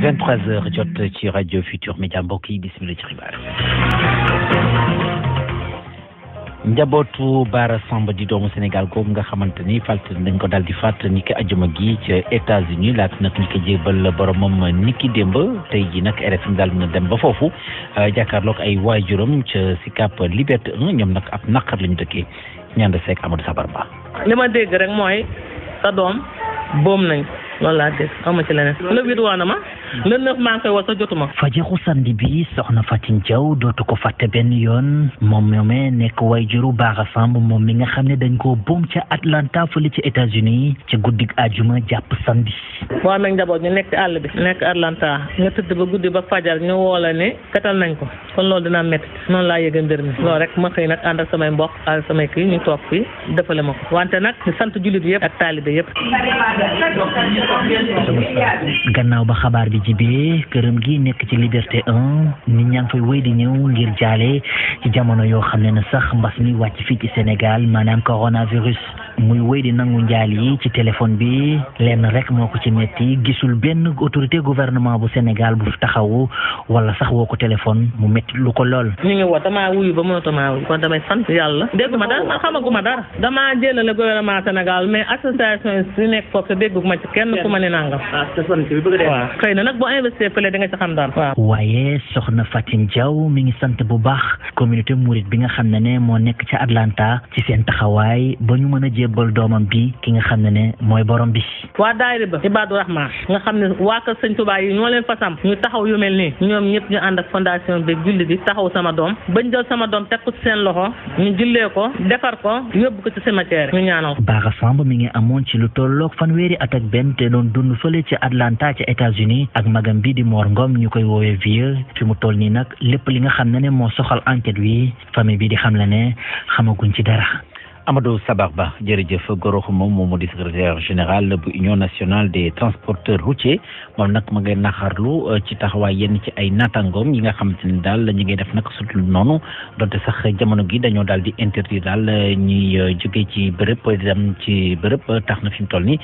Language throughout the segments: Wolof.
23h jot ci radio Futur Média mbokk yi bismillah ci xibaar njabootu Bara Samb di doomu Sénégal googu nga xamante ni fàttali nañ ko daal di fàtt ni ki ajuma gi ci États-Unis laata nag ñu ko jébal boromam ni ki démb tey ji nag RFM daal na dem ba foofu euh, jàkkaarloog ay waajuram ca Sicap Liberté 1 ñoom nag ab naqar lañu dëkkee ñaanda seek Amadou Sabar Ba li dégg rek mooy sa doom boom nañ loolu laa dégg xaw ma ci leneen lëbit waa na ma le 9 maa ngi koy euh, wax sa jotuma. fajaxu sandi bi soxna Fatin jaw dootu ko fàtte benn yoon moom moomee nekk way juru baaxa Samb moom mi nga xam ne dañ koo boom ca Atlanta fële ci États-Unis ci guddig ajuma jàpp sandi. Wa nag njaboot ñu nekk àll bi nekk Atlanta nga tëdd ba guddi ba fajar ñu woo la ne katal nañ ko kon loolu dinaa metti noonu laa yëg mbir mi loolu rek ma xëy nag ànd ak samay mbokk ak samay kii ñu toog fii defale ma ko wante nag ñu sant julit yëpp ak taalibe yëpp. gannaaw ba xabaar bi gi këram gi nekk ci liberté 1 nit ñaa ngi di ñëw ngir jaale ci jamono yoo xam ne na sax mbas mi wàcc fii ci Sénégal maanaam coronavirus muy wéy di nangu njaal yi ci téléphone bi lenn rek moo ko ci metti gisul benn autorité gouvernement bu Sénégal bu taxawu wala sax woo ko téléphone mu metti lu ko lool. ñu ngi woo damaa wuyu ba mënatoo maa wuyu kon damay sant yàlla. dégguma dara man xamaguma dara. damaa jëlale gouvernement Sénégal mais kenn ku ma ne nangam. ah xëy na nag boo da nga ci xam daan waaye soxna Fatim Diaw mi ngi sant bu baax communauté mouride bi nga xam ne ne moo nekk ca Atlanta ci seen taxawaay ba ñu mën a jébbal doomam bi ki nga xam ne ne mooy borom bi waa daayira ba Ibadu Rahman nga xam ne waa kër sëñ Tuubaa yi ñoo leen fasam ñu taxaw yu mel nii ñoom ñëpp ñu ànd ak fondation bi julli bi taxaw sama doom bañ jël sama doom teg ko seen loxo ñu jullee ko defar ko yóbbu ko ci cimetière ñu ñaanal ko Bara Samb mi ngi amoon ci lu tolloog fanweeri at ak benn te doon dund fële ci Atlanta ci États-Unis ak magam bi di Mor Ngom ñu koy woowee vieux fi mu toll nii nag lépp li nga xam ne ne moo soxal enquête wi famille bi di xam la ne xamaguñ ci dara Amadou Sabarba jërëjëf Gorox mom moom di secrétaire général bu union nationale des transporteurs routiers mom nak ma ngay naxarlu euh, ci taxaway yenn ci ay natangom yi nga xamanteni dal ñi ngay def nak sutul nonu donte sax jamono gi dañoo dal di interdire dal euh, ñi euh, jóge ci bërëb dem ci bërepp taxna na fi toll ni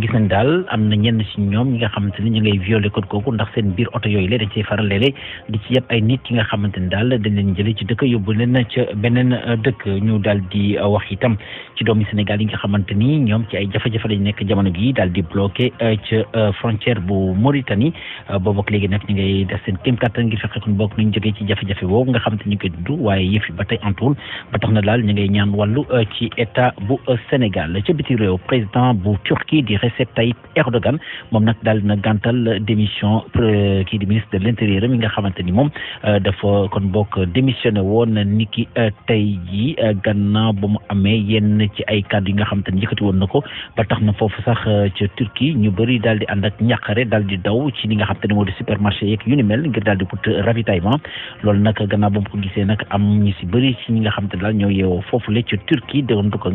gis nañ dal amna ñenn ci ñom yi nga xamanteni ñi ngay violer code koku ndax seen biir auto yoy lé dañ cey faral léeg di ci yeb ay nit yi nga xamanteni dal dañ leen jële ci dëkk yobul leen ci benen dëkk ñu dal di wax itam ci doomi Sénégal yi nga xamante ni ñoom ci ay jafe-jafe lañ nekk jamono gi dal di bloqué euh, ci euh, frontière bu Mauritanie euh, boobu ak léegi nag ñu ngay def seen kéem kattan ngir fexe kon bokk nañ jógee ci jafe-jafe boobu nga xamante ñu koy dudd waaye yëf yi ba tey antuwul ba tax na daal ñu ngay ñaan wàllu ci état bu Sénégal ci biti réew président bu Turquie di Recep Tayyip Erdogan moom nag dal na gàntal démission kii di ministre de l'intérieur mi nga xamante ni moom dafa kon bokk démissionné woon ni ki tey ji gannaaw ba mu am confirmé yenn ci ay kàddu yi nga xam te ne yëkkati woon na ko ba tax na foofu sax euh, ca Turquie ñu bëri daal di ànd ak ñàqare daal di daw ci li nga xam te ne moo di supermarché yeeg yu ni mel ngir daal di wut ravitaillement loolu nag gannaaw ba mu ko gisee nag am ñu si bëri ci nga xam te ne daal ñoo yeewoo foofu la ca Turquie déggoon du ko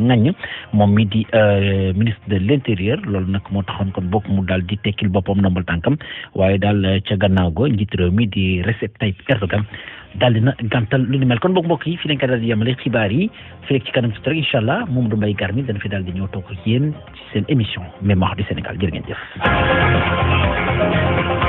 moom mi di euh, ministre de l' intérieur loolu nag moo taxoon kon bokk mu daal di tekkil boppam ndombal tànkam waaye daal euh, ca gannaaw go njiit réew mi di Recep Tayyip Erdogan daal dina gàntal lu ni mel kon mbokk mbokk yi fi lañ ko daal di yemale xibaar yi fi rek rek incha allah Mamadou Mbaye Garmi dana fi daal di ñëw toog ak yéen ci seen émission mémoire du Sénégal jërë ngeen jëf